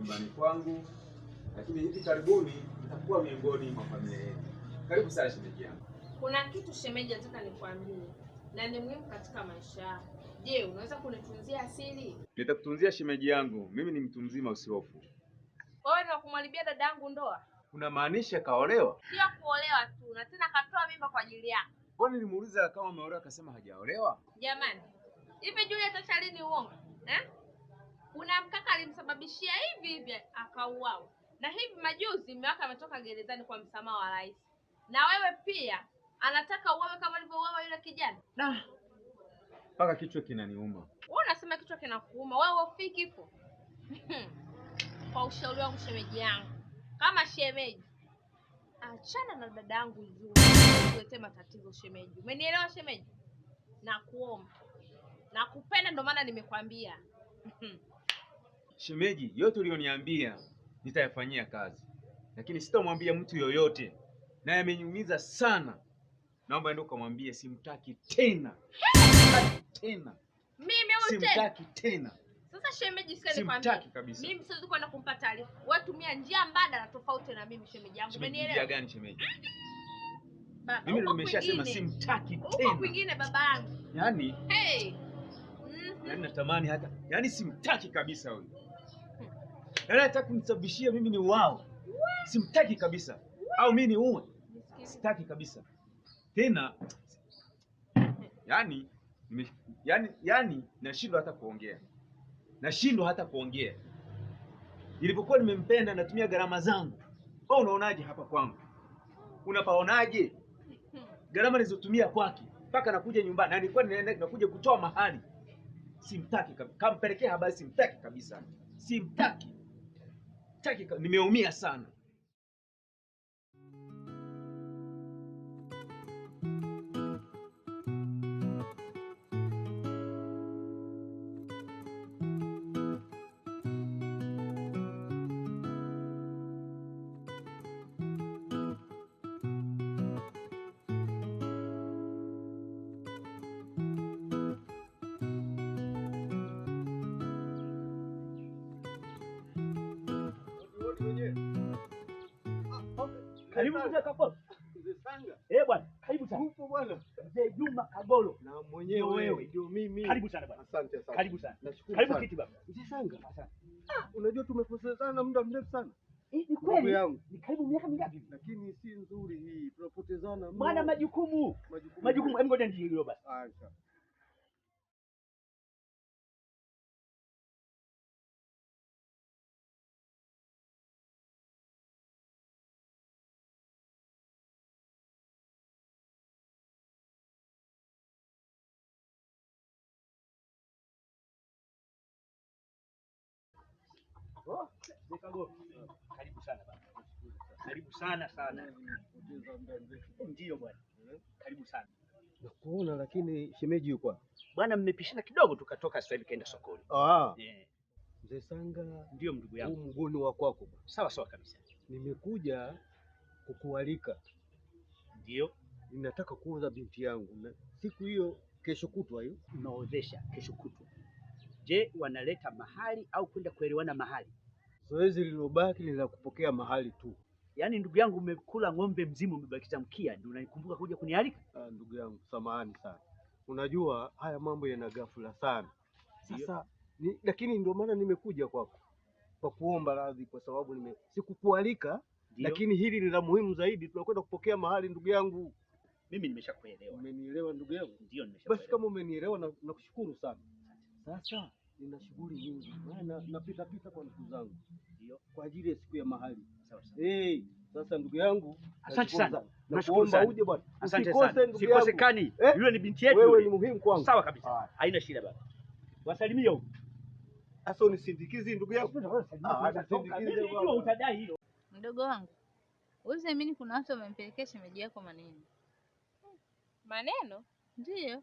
nyumbani kwangu, lakini hivi karibuni nitakuwa miongoni mwa familia yenu. Karibu sana shemeji yangu. Kuna kitu shemeji, nataka nikwambie na ni muhimu katika maisha yako. Je, unaweza kunitunzia asili? Nitakutunzia shemeji yangu, mimi ni mtu mzima, usihofu. Wewe ndio kumharibia dada yangu ndoa? Unamaanisha kaolewa? Sio kuolewa tu, na tena katoa mimba kwa ajili yako. Kwa nini nilimuuliza kama ameolewa, akasema hajaolewa. Jamani, hivi Juliet lini uongo eh? kuna mkaka alimsababishia hivi hivi akauawa. Na hivi majuzi mume wake ametoka gerezani kwa msamaha wa rais, na wewe pia anataka uawe kama alivyouawa yule kijana. Da, mpaka kichwa kinaniuma. Wewe unasema kichwa kinakuuma, wewe ufiki kifo hmm. kwa ushauri wangu shemeji yangu, kama shemeji, achana na dada yangu juu matatizo shemeji. Umenielewa shemeji? Nakuomba, nakupenda, ndio maana nimekwambia hmm shemeji, yote ulioniambia nitayafanyia kazi, lakini sitamwambia mtu yoyote, naye ameniumiza sana. Naomba ndio ukamwambie simtaki tena, simtaki tena, simtaki tena. Sasa shemeji, simtaki kabisa. Mimi siwezi kwenda kumpa taarifa. Wewe tumia njia mbadala tofauti na mimi shemeji yangu. Umenielewa? Njia gani shemeji? Baba, mimi nimeshasema simtaki tena. Uko kwingine baba yangu. Yaani, hey. Mm -hmm. Yaani natamani hata yaani simtaki kabisa huyu anayetaka kunisababishia mimi ni wao, simtaki kabisa, au mimi ni uwe, sitaki kabisa tena. Yani, yani, yani nashindwa hata kuongea, nashindwa hata kuongea. ilipokuwa nimempenda natumia gharama zangu. Wewe unaonaje hapa kwangu? Unapaonaje gharama nilizotumia kwake mpaka nakuja nyumbani na nilikuwa ninaenda nakuja kutoa mahali. Simtaki kabisa, kampelekea habari, simtaki kabisa, simtaki. Nimeumia sana. Karibu mzee Kagolo. Mzee Sanga. Eh, bwana. Karibu sana. Upo bwana. Mzee Juma Kagolo. Na mwenyewe wewe ndio mimi. Karibu sana bwana. Asante sana. Karibu sana. Nashukuru. Karibu kiti baba. Mzee Sanga. Asante. Ah, unajua tumekosezana muda mrefu sana. Eh, ni kweli. Ni karibu miaka mingapi? Lakini si nzuri hii. Tunapotezana. Maana majukumu. Majukumu. Hebu ngoja ndio hilo basi. Karibu sana baba. Karibu sana sana. Ndio bwana. Karibu sana. Nakuona lakini shemeji yuko Bwana mmepishana kidogo tukatoka sasa hivi kaenda sokoni. Ah. Yeah. Mzee Sanga ndio mdogo yangu. Huu mgoni wa kwako. Sawa sawa kabisa. Nimekuja kukualika. Ndio. Ninataka kuoza binti yangu na siku hiyo kesho kutwa hiyo. Naozesha kesho kutwa. Je, wanaleta mahali au kwenda kuelewana mahali? Zoezi lililobaki ni la kupokea mahali tu. Yaani ndugu yangu, umekula ng'ombe mzima, umebakisha mkia, ndio unanikumbuka kuja kunialika? Ah, ndugu yangu, samahani sana. Unajua haya mambo yana ghafla sana sasa ni, lakini ndio maana nimekuja kwako kwa kuomba radhi kwa sababu nime sikukualika, lakini hili ni la muhimu zaidi. Tunakwenda kupokea mahali, ndugu yangu. Mimi nimeshakuelewa. Umenielewa ndugu yangu? Ndio, nimeshakuelewa. Basi kama umenielewa, nakushukuru sana. Sasa nina shughuli nyingi, na napita pita kwa ndugu zangu kwa ajili ya siku ya mahali. Eh, sasa ndugu yangu, asante sana. Nashukuru sana. Uje bwana. Asante sana. Sikosekani. Eh? Yule ni binti yetu. Wewe ni muhimu kwangu. Sawa kabisa. Haina shida baba. Wasalimie huko. Sasa unisindikizi ndugu yangu. Ah, utadai hilo. Mdogo wangu. uzemini kuna watu wamempelekea shemeji yako maneno. Maneno? Ndiyo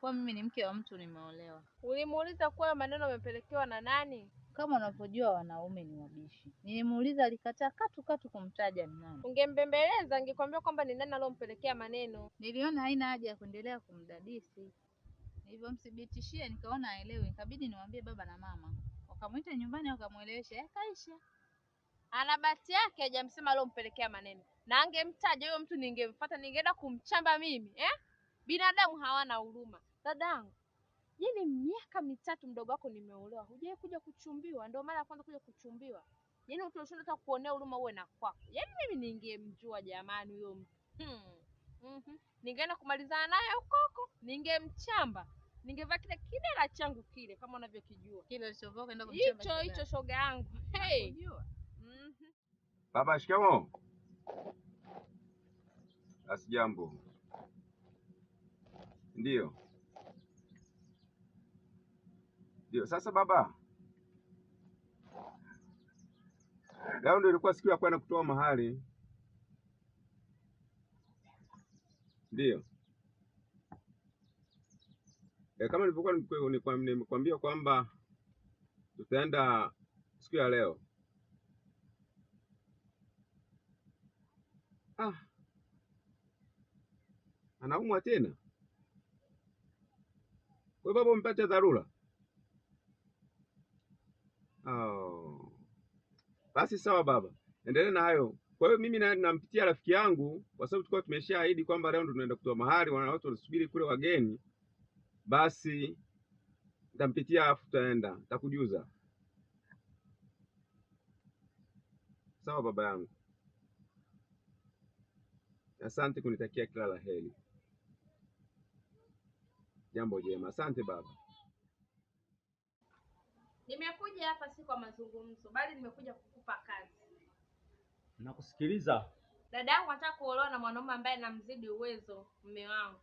kuwa mimi ni mke wa mtu, nimeolewa. Ulimuuliza kuwa maneno amepelekewa na nani? Kama unavyojua wanaume ni wabishi. Nilimuuliza, alikataa katu katu kumtaja ni nani. Ungembembeleza, angekwambia kwamba ni nani alompelekea maneno. Niliona haina haja ya kuendelea kumdadisi, nilivyomthibitishia nikaona aelewi, nikabidi niwaambie baba na mama, wakamwita nyumbani, wakamwelewesha, yakaisha. Eh, Ana bahati yake hajamsema alompelekea maneno, na angemtaja huyo mtu, ningemfuata, ningeenda kumchamba mimi eh? Binadamu hawana huruma. Dadangu, hii ni yaani miaka mitatu mdogo wako nimeolewa, hujai kuja kuchumbiwa, ndio mara ya kwanza kuja kuchumbiwa. Yaani utashinda kuonea huruma uwe na kwako. Yaani mimi ningemjua jamani huyo mtu. Hmm. Mm -hmm. Ningeenda kumalizana naye huko huko, ningemchamba, ningevaa kile kidela changu kile kama unavyokijua hicho hicho, shoga yangu. Hey. Mm -hmm. Baba, shikamo. Asijambo. Ndiyo. Ndio sasa baba, leo ndio ilikuwa siku ya kwenda kutoa mahali. Ndio e, kama nilivyokuwa nimekwambia kwamba tutaenda siku ya leo. Ah, anaumwa tena kwa baba, umpate dharura Oh. Basi sawa baba, endelea na hayo. Kwa hiyo mimi nampitia rafiki yangu, kwa sababu tulikuwa tumeshaahidi kwamba leo ndo tunaenda kutoa mahari, wana watu wanasubiri kule wageni. Basi nitampitia afu tutaenda, nitakujuza. Sawa baba yangu, asante kunitakia kila la heri, jambo jema. Asante baba. Nimekuja hapa si kwa mazungumzo, bali nimekuja kukupa kazi. Nakusikiliza. Dada yangu anataka kuolewa na mwanaume ambaye namzidi uwezo, mme wangu.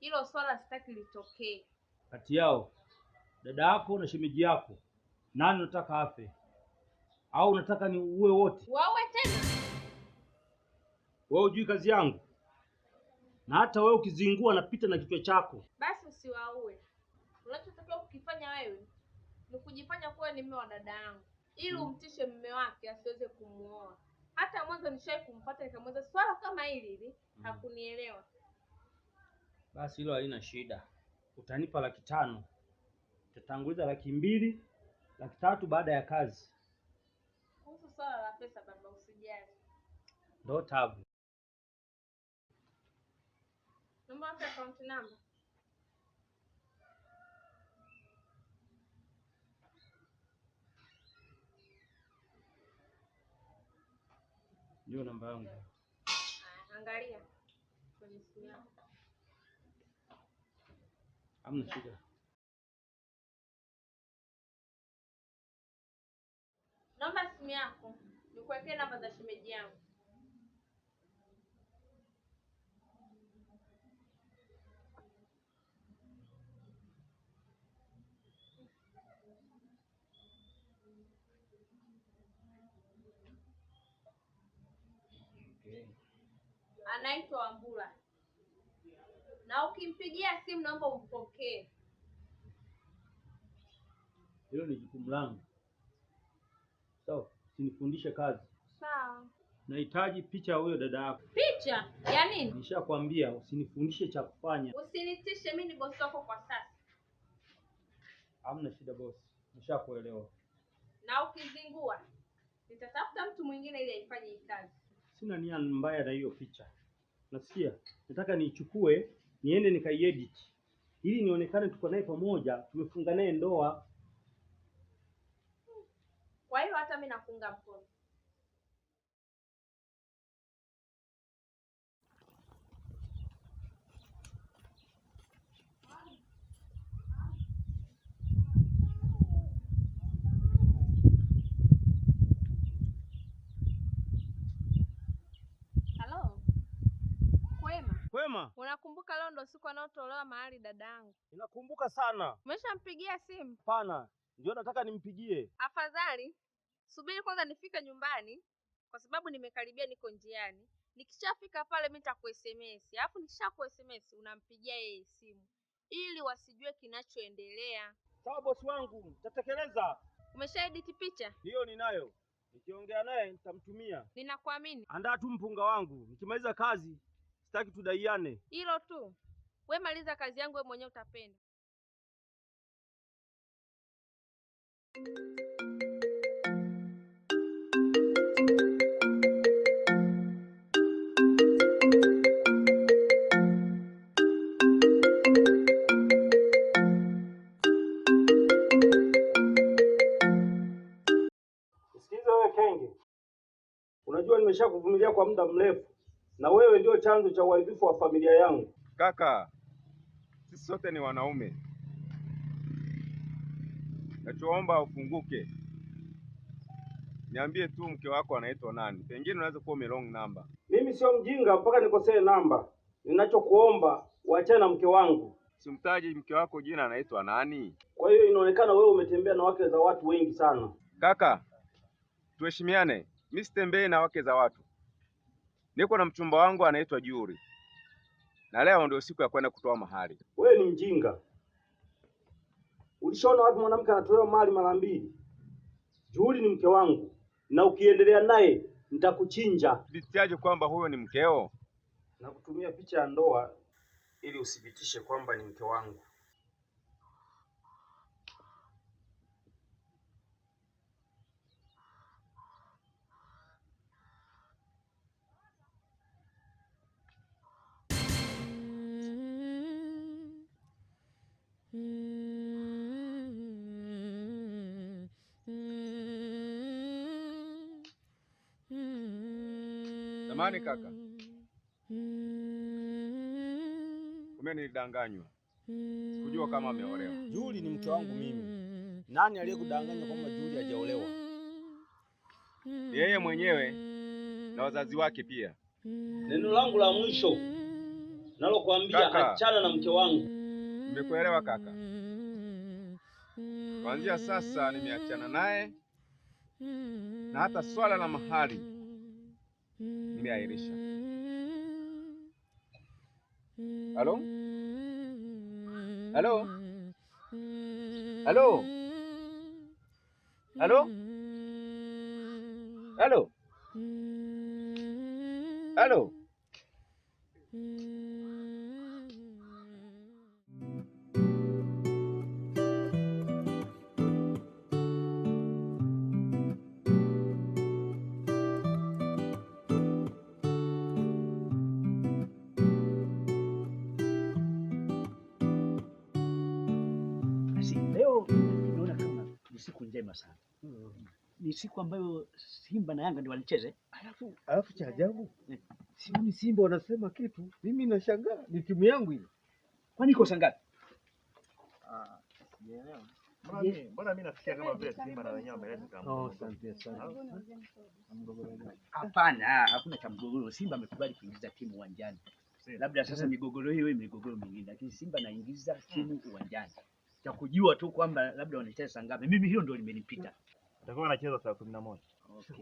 Hilo swala sitaki litokee kati yao, dada yako na shemeji yako. Nani unataka afe? Au unataka ni uwe wote wawe? Tena wewe ujui kazi yangu, na hata wewe ukizingua napita na kichwa chako. Basi usiwaue. Unachotakiwa kukifanya wewe ni kujifanya kuwa ni mme wa dada yangu ili mm. umtishe mme wake asiweze kumuoa. Hata mwanzo nishai kumpata nikamweza swala kama hili hili, mm. hakunielewa. Basi hilo halina shida, utanipa laki tano, utatanguliza laki mbili, laki tatu baada ya kazi. Kuhusu swala la pesa baba, usijali, ndo tabu. Naomba akaunti namba ndio namba yangu. Angalia. Kwenye simu yako. Hamna shida. Naomba simu yako. Nikuwekee namba za shemeji yangu. anaitwa Wambura na ukimpigia simu naomba umpokee. Hilo ni jukumu langu sawa. So, sinifundishe kazi sawa. Nahitaji picha ya huyo dada yako. Picha ya nini? Nishakwambia usinifundishe cha kufanya, usinitishe. Mimi ni bosi wako kwa sasa. Hamna shida bosi, nishakuelewa. Na ukizingua nitatafuta mtu mwingine ili aifanye hii kazi sina nia mbaya na hiyo picha. Nasikia nataka niichukue niende nikaiedit ili nionekane tuko naye pamoja, tumefunga naye ndoa. Kwa hiyo hata mimi nafunga Wema, unakumbuka leo ndo siku anaotolewa mahali dadangu? Ninakumbuka sana. Umeshampigia simu? Pana, ndio nataka nimpigie. Afadhali subiri kwanza nifike nyumbani, kwa sababu nimekaribia, niko njiani. Nikishafika pale mimi nitaku SMS, alafu nikishaku SMS unampigia yeye simu ili wasijue kinachoendelea. Sawa bosi wangu, nitatekeleza. Umeshaediti picha? Ndiyo, ninayo. Nikiongea naye nitamtumia. Ninakuamini. Andaa tu mpunga wangu, nikimaliza kazi sitaki tudaiane, hilo tu. We maliza kazi yangu, we mwenyewe utapenda. Usikize wewe kenge, unajua nimeshakuvumilia kwa muda mrefu na wewe ndio chanzo cha uharibifu wa familia yangu. Kaka, sisi sote ni wanaume, nachoomba ufunguke. Niambie tu mke wako anaitwa nani? Pengine unaweza kuwa umelong namba. Mimi sio mjinga mpaka nikosee namba. Ninachokuomba uachane na mke wangu. Simtaji mke wako jina, anaitwa nani? Kwa hiyo inaonekana wewe umetembea na wake za watu wengi sana. Kaka, tuheshimiane. Mimi sitembei na wake za watu niko na mchumba wangu anaitwa Juri, na leo ndio siku ya kwenda kutoa mahari. Wewe ni mjinga, ulishaona wapi mwanamke anatolewa mahari mara mbili? Juri ni mke wangu, na ukiendelea naye nitakuchinja. Thibitiaje kwamba huyo ni mkeo? Nakutumia picha ya ndoa ili uthibitishe kwamba ni mke wangu. Samani kaka, kumbe nilidanganywa, sikujua kama ameolewa. Juli ni mke wangu mimi. Nani aliyekudanganya kwamba Juli hajaolewa? Yeye mwenyewe na wazazi wake pia. Neno langu la mwisho nalokuambia, achana na mke wangu. Nimekuelewa kaka. Mm. Kuanzia sasa nimeachana naye mm. na hata swala la mahali nimeahirisha. Mm. Halo, halo, halo, halo, halo, halo. siku njema sana mm. Ni siku ambayo Simba na Yanga ndio walicheze. Alafu alafu cha ajabu eh, ni Simba wanasema kitu, mimi nashangaa. Ni timu yangu ile, kwani iko sangapi? Ah, Simba oh, Hapana, hakuna cha mgogoro. Simba amekubali kuingiza timu uwanjani. Labda sasa migogoro hiyo migogoro mingine, lakini Simba naingiza timu hmm. uwanjani cha kujua tu kwamba labda wanacheza saa ngapi. Mimi hiyo ndio limenipita. Atakuwa anacheza saa kumi na moja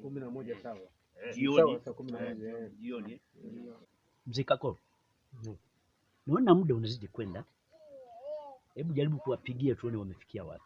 kumi na moja sawa, eh, jioni saa eh. eh, jioni. Mzee Kako, hmm. naona muda unazidi kwenda, hebu jaribu kuwapigia tuone wamefikia wapi.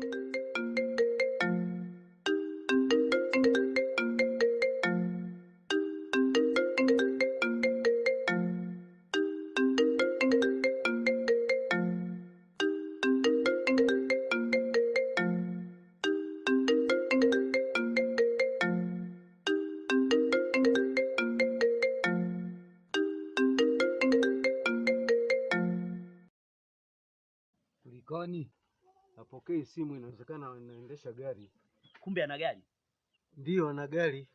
Thank you. hii simu inawezekana anaendesha gari. Kumbe ana gari? Ndio, ana gari.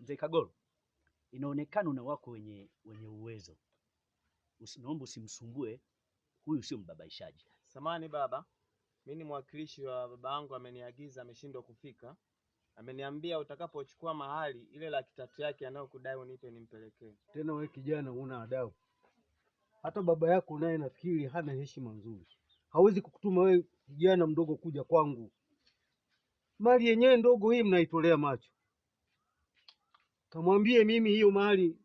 Mzee Kagoro, inaonekana una wako wenye wenye uwezo. naomba usimsumbue huyu, sio mbabaishaji. Samani baba, mimi ni mwakilishi wa baba yangu, ameniagiza, ameshindwa kufika. Ameniambia utakapochukua mahali ile laki tatu yake anayokudai unipe nimpelekee. Tena wewe kijana, una adabu hata baba yako naye nafikiri hana heshima nzuri, hawezi kukutuma wewe kijana mdogo kuja kwangu. Mali yenyewe ndogo hii mnaitolea macho, kamwambie mimi hiyo mali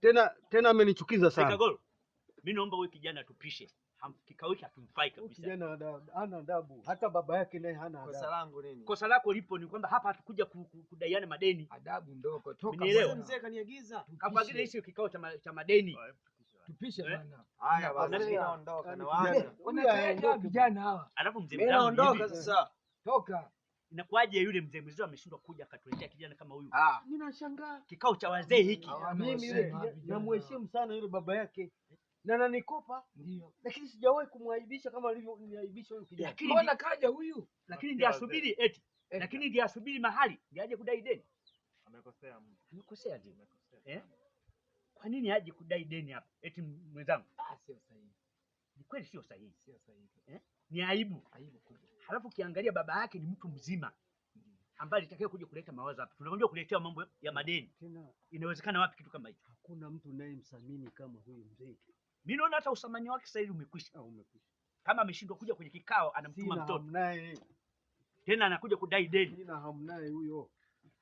tena tena, amenichukiza sana. Mimi naomba wewe kijana tupishe kikao hiki hatumfai kabisa. Kijana hana adabu, hata baba yake naye hana adabu. Kosa langu nini? Kosa lako lipo ni kwamba hapa hatukuja kudaiana madeni. Adabu ndogo, toka mzee, kaniagiza kakuagiza hicho kikao cha madeni tupishe eh? bwana. Haya basi mimi naondoka na vijana hawa. Alafu mzee mzee sasa. Toka. Inakuwaje yule mzee mzee ameshindwa kuja akatuletea kijana kama huyu? Ah, nashangaa. Kikao cha wazee hiki. Mimi yule namheshimu sana yule baba yake. Na nanikopa ndio. Lakini sijawahi kumwaibisha kama alivyoniaibisha huyu kijana. Mbona kaja huyu? Lakini ndiye asubiri eti. Lakini ndiye asubiri mahali, ndiye aje kudai deni. Amekosea mtu. Amekosea ndio. Amekosea. Eh? Kwa nini haji kudai deni hapa? Eti mwenzangu, ah, sio sahihi. Ni kweli sio sahihi, sio sahihi eh? Ni aibu, aibu kubwa. Halafu ukiangalia baba yake ni mtu mzima ambaye alitakiwa kuja kuleta mawazo hapa. Tunakuja kuletea mambo ya madeni. Inawezekana wapi kitu kama hicho? Hakuna mtu msamini kama huyu mzee. Mimi naona hata uthamani wake sasa hivi umekwisha. Ah, umekwisha. Kama ameshindwa kuja kwenye kikao, anamtuma mtoto naye tena anakuja kudai deni. Sina hamnaye huyo,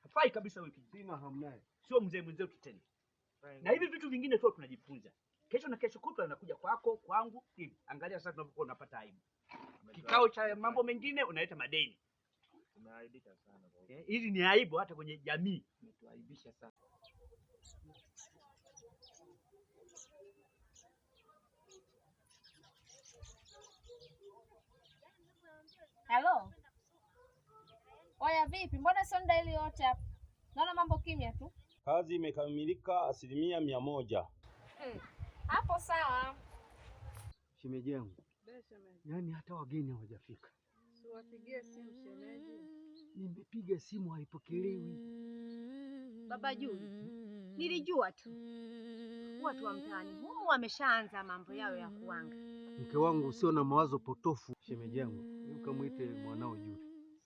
hafai kabisa. Sina hamnaye, sio mzee mwenzetu tena na hivi vitu vingine tu tunajifunza kesho na kesho kutwa, anakuja kwako kwangu hivi. Angalia sasa tunapokuwa unapata aibu, kikao cha mambo mengine unaleta madeni. Tunaaibika sana eh, hizi, ni aibu hata kwenye jamii, umetuaibisha sana. Halo, oya, vipi? Mbona sio muda ile yote hapa, naona mambo kimya tu kazi imekamilika asilimia mia moja. Hmm. Hapo sawa. Shemeji yangu, yaani hata wageni hawajafika. Siwapigie simu shemeji. Nimepiga simu haipokelewi. Baba juu nilijua tu watu wa mtaani humu wameshaanza mambo yao ya kuanga. Mke wangu, usio na mawazo potofu. Shemeji yangu, ukamwite mwanao Juu.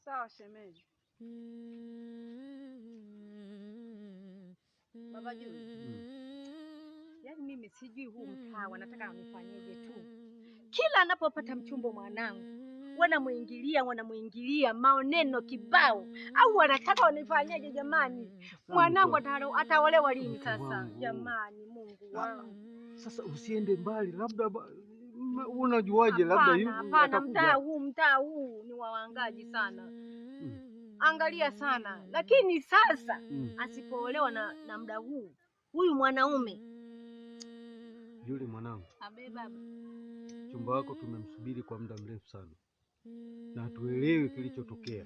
Sawa shemeji baba juu. Mm. Yaani mimi sijui huu mtaa wanataka wanifanyeje tu. Mm. Kila anapopata mchumbo mwanangu wanamwingilia wanamwingilia maneno kibao, au wanataka wanifanyeje? Jamani, mm. mwanangu ataolewa lini sasa? Jamani, Mungu wangu, sasa usiende mbali, labda unajuaje? Labda hapana, mtaa huu mtaa huu ni wawangaji sana angalia sana, lakini sasa mm. asipoolewa na, na muda huu huyu mwanaume yule mwanangu, abe baba, wako tumemsubiri kwa muda mrefu sana na tuelewe kilichotokea.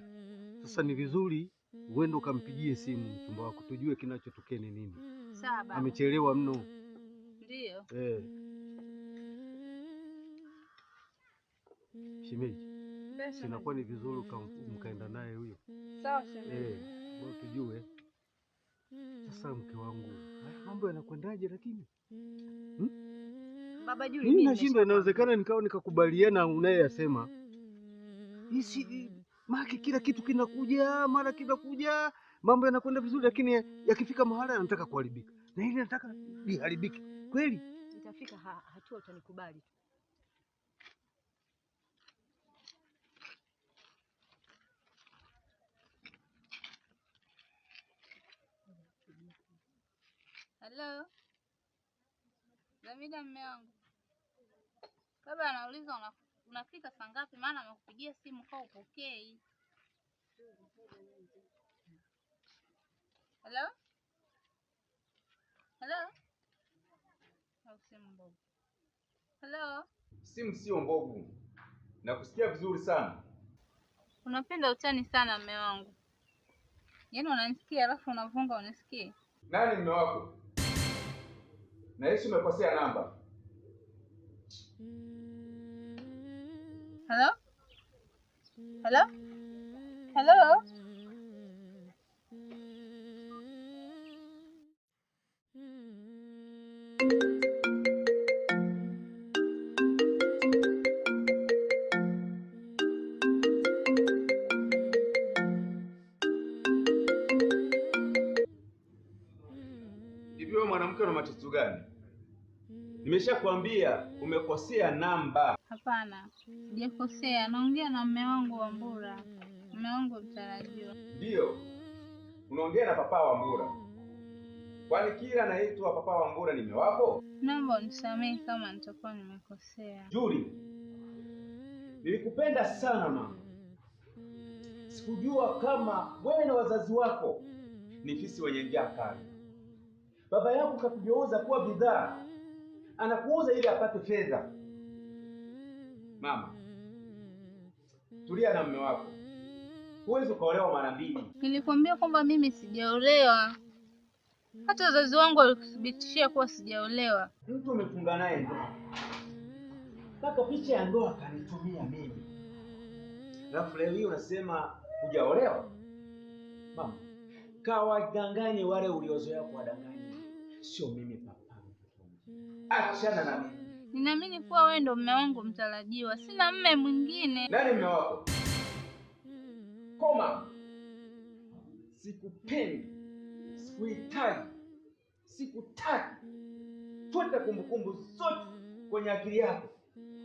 Sasa ni vizuri uende ukampigie simu chumba wako tujue kinachotokea ni nini. Sawa, amechelewa mno. Ndio eh. Shemeji, sinakuwa ni vizuri mkaenda naye huyo sasa tujue mm-hmm. eh, mm-hmm. sasa, mke wangu, mambo yanakwendaje? Lakini hmm? mm-hmm. baba Juli, mimi nashindwa, inawezekana nikawa nikakubaliana unayeyasema isi maki, kila kitu kinakuja mara kinakuja, mambo yanakwenda vizuri, lakini yakifika mahala yanataka kuharibika, na hili nataka liharibike kweli. Itafika hatua utanikubali Halo Dlamini, mme wangu, baba anauliza unafika saa ngapi? Maana amekupigia simu kwa upokei. Halo halo, au simu mbovu? Halo, simu sio mbovu, nakusikia vizuri sana. Unapenda utani sana mme wangu, yaani unanisikia alafu unavunga unisikie. Nani mme wako? na Nahisi umekosea namba. Hello? Hello? Hello? Nimeshakwambia umekosea namba. Hapana, sijakosea. Naongea na mume wangu wa Mbura, mume wangu mtarajiwa. Ndio unaongea na papa wa Mbura. Kwani kila naitwa papa wa Mbura mume wako? Naomba unisamehe kama nitakuwa nimekosea. Juri, nilikupenda sana mama, sikujua kama wewe na wazazi wako ni fisi wenye njaa kali. Baba yako kakugeuza kuwa bidhaa anakuuza ili apate fedha. Mama, tulia na mume wako, huwezi ukaolewa mara mbili. Nilikwambia kwamba mimi sijaolewa, hata wazazi wangu walikuthibitishia kuwa sijaolewa. Mtu umefunga naye ndoa mpaka picha ya ndoa akanitumia mimi, alafu leo hii unasema hujaolewa? Mama, kawadanganye wale uliozoea kuwadanganya, sio mimi achana na mimi. Ninaamini kuwa wewe ndo mume wangu mtarajiwa, sina mume mwingine. Nani mume wako? Koma, sikupendi, sikuhitaji, sikutaki. Futa kumbukumbu zote kwenye akili yako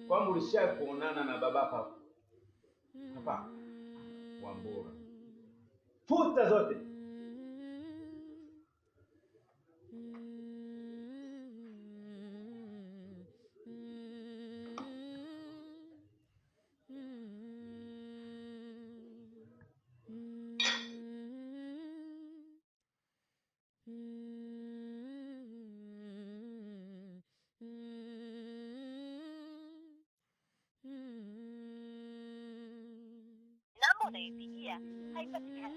kwamba ulishawahi kuonana na baba hapa hapa Wambura. Futa zote. haipatikani.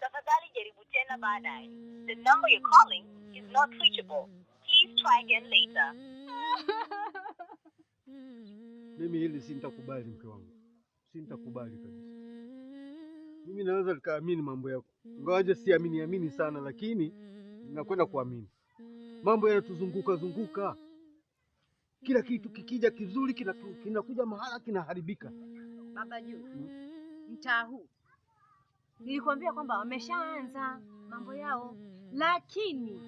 Tafadhali jaribu tena baadaye. The number you're calling is not reachable. Please try again later. Mimi hili sintakubali, mke wangu, sintakubali kabisa. Mimi naweza nikaamini mambo yako, ingawaje siamini amini sana, lakini nakwenda kuamini mambo yanatuzunguka zunguka. Kila kitu kikija kizuri kinakuja kina mahala kinaharibika. Baba juu hmm? mtaa huu. Nilikwambia kwamba wameshaanza mambo yao, lakini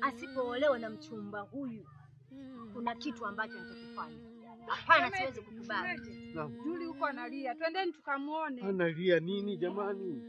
asipoolewa na mchumba huyu kuna kitu ambacho nitakifanya. Hapana, siwezi kukubali. Juli huko analia, twendeni tukamwone. Analia nini jamani?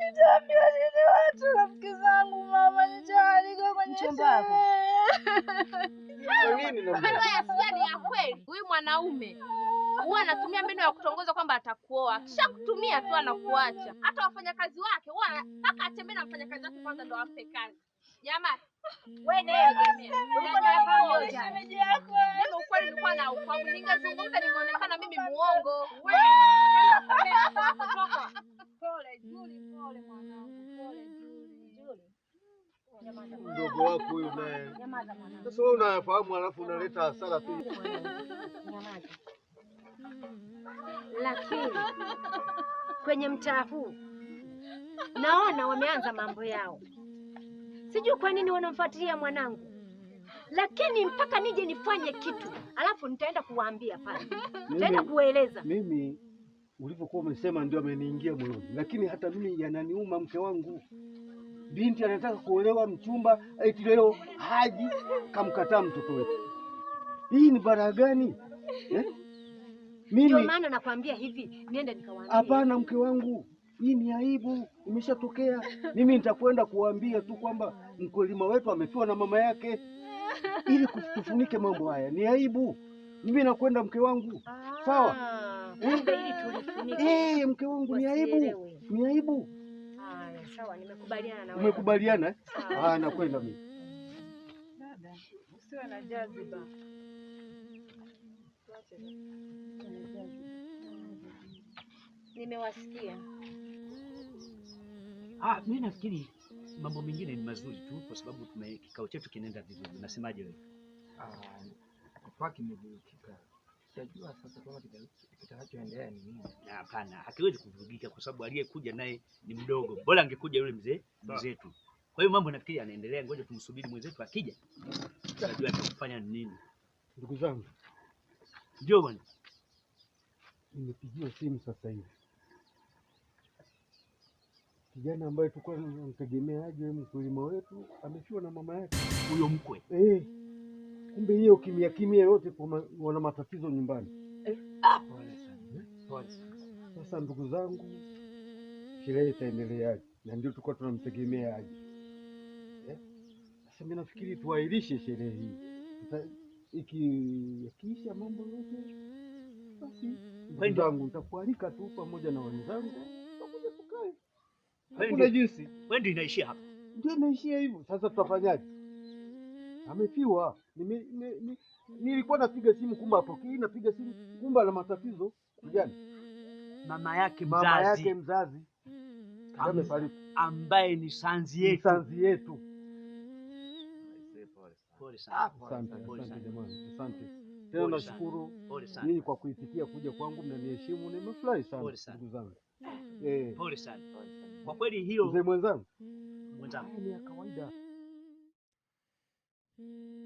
Nitaambia nini watu? Rafiki zangu mama, nitaalikwa kwenye sherehe yaani ya kweli. Huyu mwanaume huwa anatumia mbinu ya kutongoza kwamba atakuoa, akisha kutumia tu anakuacha. Hata wafanyakazi wake huwa mpaka atembee na wafanyakazi wake kwanza ndo ampe kazi. Jamani, ningezungumza ningeonekana mimi muongo. Pole Juli, pole mwanangu, pole Juli. Mm. Mdogo wako huyu naye sasa wewe unayafahamu, unaleta hasara tu. Lakini kwenye mtaa huu naona wameanza mambo yao, sijui kwa nini wanamfuatilia mwanangu lakini mpaka nije nifanye kitu, alafu nitaenda kuwaambia pale, nitaenda kueleza mimi ulivyokuwa umesema ndio ameniingia moyoni, lakini hata mimi yananiuma. Mke wangu binti anataka kuolewa mchumba, eti leo haji, kamkataa mtoto wetu. Hii ni baraa gani eh? Mimi maana nakwambia hivi, niende nikawaambia. Hapana mke wangu, hii ni aibu, imeshatokea. Mimi nitakwenda kuwaambia tu kwamba mkulima wetu amefiwa na mama yake, ili tufunike mambo haya. Ni aibu, mimi nakwenda mke wangu. Sawa. Ah kumbe ah. eh, mke wangu ni aibu, ni aibu. Haya, na wewe. Umekubaliana? Eh? Ah, nakwenda mimi. Dada, usiwe na jaziba. Nimewasikia. Ah, mimi nafikiri mambo mengine ni mazuri tu kwa sababu tume kikao chetu kinaenda vizuri. Unasemaje wewe? Ah, kwa kimevuka. Sijajua sasa kama kitakachoendelea ni nini. Hapana, hakiwezi kuvurugika kwa sababu aliyekuja naye ni mdogo. Bora angekuja yule mzee mzetu. Kwa hiyo mambo nafikiri yanaendelea, ngoja tumsubiri mwenzetu akija. Tutajua tutafanya nini. Ndugu zangu. ndio bwana. Nimepigiwa simu sasa hivi. Kijana ambaye tulikuwa tunamtegemea aje mkulima wetu amefiwa na mama yake. Huyo mkwe. Eh. Kumbe hiyo kimya kimya yote kwa wana matatizo nyumbani. Eh. Sasa ndugu zangu, sherehe itaendeleaje? Na ndio tulikuwa tunamtegemea aje. Eh? Sasa mimi nafikiri tuahirishe sherehe hii, ikiisha mambo yote basi, ndugu zangu, nitakualika tu pamoja na wenzangu tukae. jinsi ndio inaishia hapa, ndio inaishia hivyo. Sasa tutafanyaje? amefiwa. Nilikuwa napiga simu kumbe apokei, napiga simu kumbe ana matatizo kijana, mama yake mzazi, mama yake mzazi amefariki, ambaye ni sanzi yetu, sanzi yetu. Ah, asante tena, nashukuru kwa kuitikia kuja kwangu, mnaniheshimu, nimefurahi sana ndugu zangu. Mm. Eh. Pole sana kwa kweli, hiyo mzee mwenzangu, mwenzangu ah, ni kawaida. Mm.